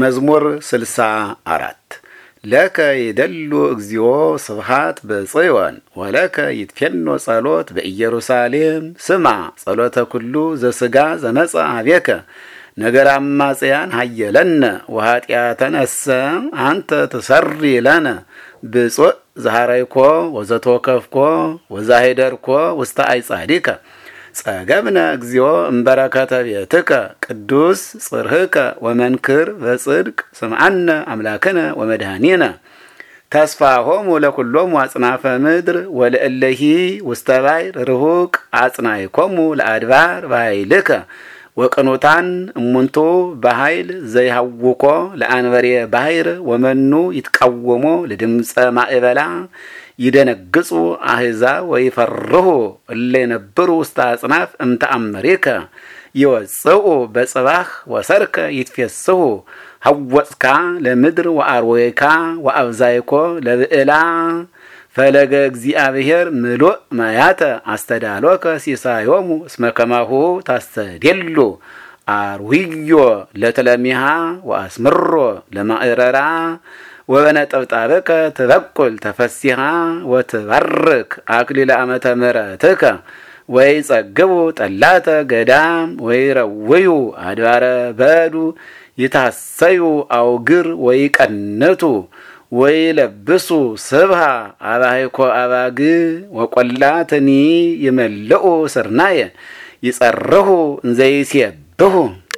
መዝሙር 64 ለከ የደሉ እግዚኦ ስብሃት በጽዮን ወለከ ይትፌኖ ጸሎት በኢየሩሳሌም ስማ ጸሎተ ኩሉ ዘስጋ ዘመጸ አቤከ ነገረ አማጽያን ሃየለነ ወኃጢአተነሰ አንተ ትሰሪ ለነ ብፁዕ ዘሃረይኮ ወዘተወከፍኮ ወዛሄደርኮ ውስተ አይጻዲከ ጸገብነ እግዚኦ እምበረከተ ቤትከ ቅዱስ ጽርህከ ወመንክር በጽድቅ ስምዓነ አምላክነ ወመድኃኒነ ተስፋሆሙ ለኩሎም አጽናፈ ምድር ወለእለሂ ውስተ ባሕር ርሁቅ ኮሙ ለአድባር ባይልከ ወቅኑታን እሙንቱ በኃይል ዘይሃውኮ ለአንበሬ ባሕር ወመኑ ይትቃወሞ ለድምፀ ማእበላ ይደነግጹ አሕዛብ ወይፈርሁ እለ የነብሩ ውስተ አጽናፍ እምተአምሪከ ይወፅኡ በጽባህ ወሰርከ ይትፌስሁ ሐወጽካ ለምድር ወአርዌካ ወአብዛይኮ ለብዕላ ፈለገ እግዚአብሔር ምሉእ ማያተ አስተዳሎከ ሲሳዮሙ እስመ ከማሁ ታስተዴሉ አርውዮ ለተለሚሃ ወአስምሮ ለማእረራ ወበነጠብጣብከ ትበቁል ተፈሲሃ ወትባርክ አክሊለ አመተ ምሕረትከ ወይ ጸግቡ ጠላተ ገዳም ወይ ረውዩ አድባረ በዱ ይታሰዩ አውግር ወይ ቀንቱ ወይ ለብሱ ስብሃ አባይኮ አባግ ወቈላትኒ ይመልኡ ስርናየ ይጸርሁ እንዘይሴብሁ